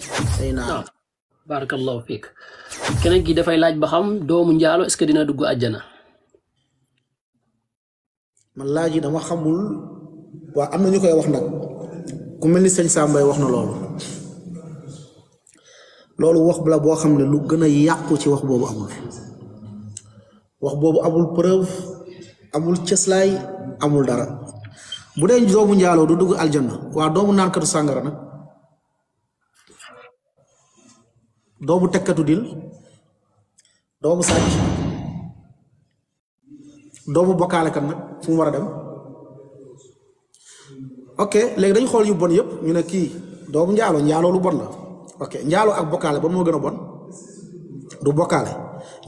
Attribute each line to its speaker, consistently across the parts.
Speaker 1: say naa ah, barakallahu fiik keneen ki dafay laaj ba xam doomu njaalo est-ce que dina dugg àjjana man laaj yi dama xamul waa am na ñu koy wax nag ku mel ni sëñ Sambay wax na loolu loolu wax la boo xam ne lu gën a yàqu ci wax boobu amul wax boobu amul preuve amul cëslaay amul dara bu dee doomu njaaloo du dugg aljanna waa doomu naankatu sàngara nag doomu tekkatu dil doomu sàcc doomu bokkaalekat nag fu mu war a dem ok léegi dañ xool yu bon yëpp ñu ne kii doomu njaalo njaaloo lu bon la ok njaaloo ak bokkaale ban moo gën a bon du bokkaale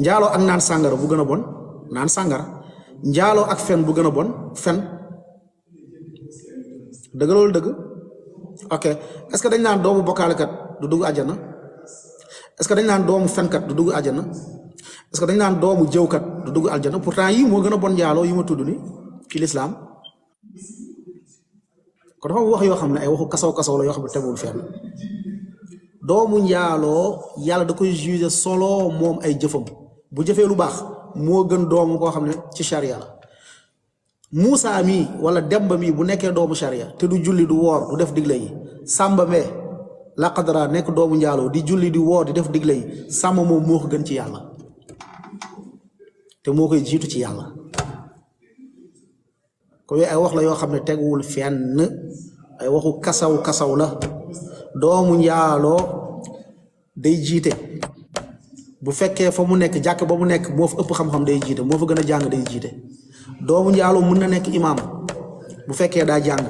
Speaker 1: njaaloo ak naan sàngara bu gën a bon naan sàngara njaaloo ak fen bu gën a bon fen dëgg loolu dëgg ok est que dañ naan doomu bokkaalekat du dugg àjjana est-ce que dañ naan doomu fenkat du dugg aljana est-ce que dañ naan doomu jewkat du dugg aljana pourtant yi mo gëna bon njaaloo yi ma tuddu ni ci l'islam ko dafa wax yo xam ay waxu kasso kasso la yo xam tebul fenn doomu njaaloo yalla da koy juger solo mom ay jëfëm bu jëfé lu bax mo gën doomu ko xam ci sharia la musa mi wala Demba mi bu nekké doomu sharia te du julli du wor du def diglé yi Samba mee laqadara nek doomu njaaloo di julli di wo di def digle yi mo mo gën ci yalla te mo koy jitu ci yalla ko yooyu ay wax la yo xamne ne fenn ay waxu kasaw kasaw la doomu njaaloo day jité bu fekke fa mu nek jakk ba mu nek mo fa upp xam-xam day jité mo fa gëna jang day jité doomu njaaloo mën na nek imam bu fekke da jang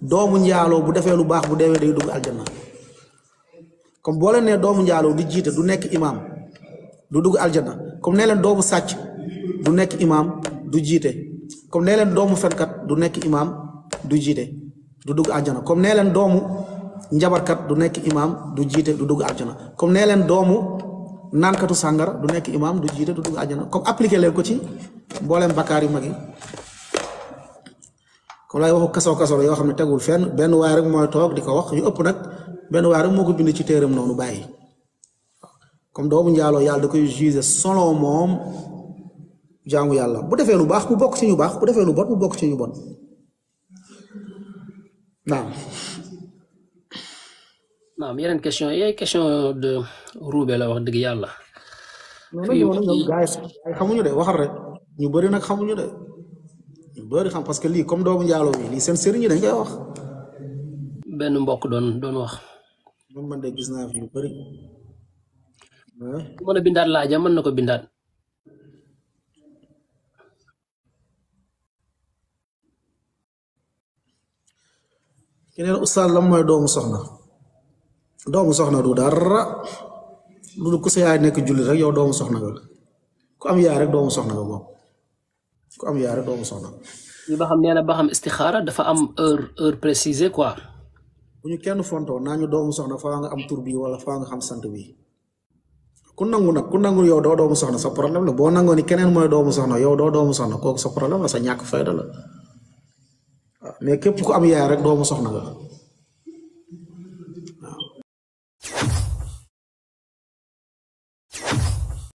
Speaker 1: doomu bu defé lu bax bu déwé day dugg aljanna comme boo leen nee doomu njaaloo du jiite du nekk imaam du dugg aljana comme nee leen doomu sàcc du nekk imaam du jiite comme nee doomu fenkat du nekk imaam du jiite du dugg aljana comme nee leen doomu njabarkat du nekk imaam du jiite du dugg aljana comme nee leen doomu naankatu sàngara du nekk imaam du jiite du dugg aljana comme appliqué leen ko ci mbooleem bakkaar yu mag yi comme lay waxu kasaw kasaw yoo xam ne tegul fen benn waay rek mooy toog di ko wax yu ëpp nag benn waay rek moo ko bind ci téeram noonu bàyyi comme doomu njaaloo yàlla da koy juger selon moom jaamu yàlla bu defee lu baax bu bokk ci ñu baax bu defee lu bon bokk ci ñu bon yeneen question yooyu question de la wax dëgg yàlla. fii xamuñu de waxal rek ñu bëri nag xamuñu de ñu bëri xam parce que lii comme doomu njaaloo bi lii seen sëriñ yi dañ koy wax. benn mbokk doon doon wax. moom man de gis naa fi lu bëri. mën a bindaat laaja mën na ko bindaat. keneen ustaas la mooy doomu soxna doomu soxna du dara lu ku sa yaay nekk jullit rek yow doomu soxna nga ku am yaay rek doomu soxna ko moom ku am yaay rek doomu soxna. li ba xam nee na ba dafa am heure heure précisée quoi. bu ñu kenn fontoo naa ñu doomu soxna faa nga am tur bi wala faa nga xam sant bi ku nangu nag ku nangu yow doo doomu soxna sa problème la boo nangoo ni keneen mooy doomu soxna yow doo doomu soxna kooku sa problème la sa ñàkk fayda la mais képp ku am yaay rek doomu soxna nga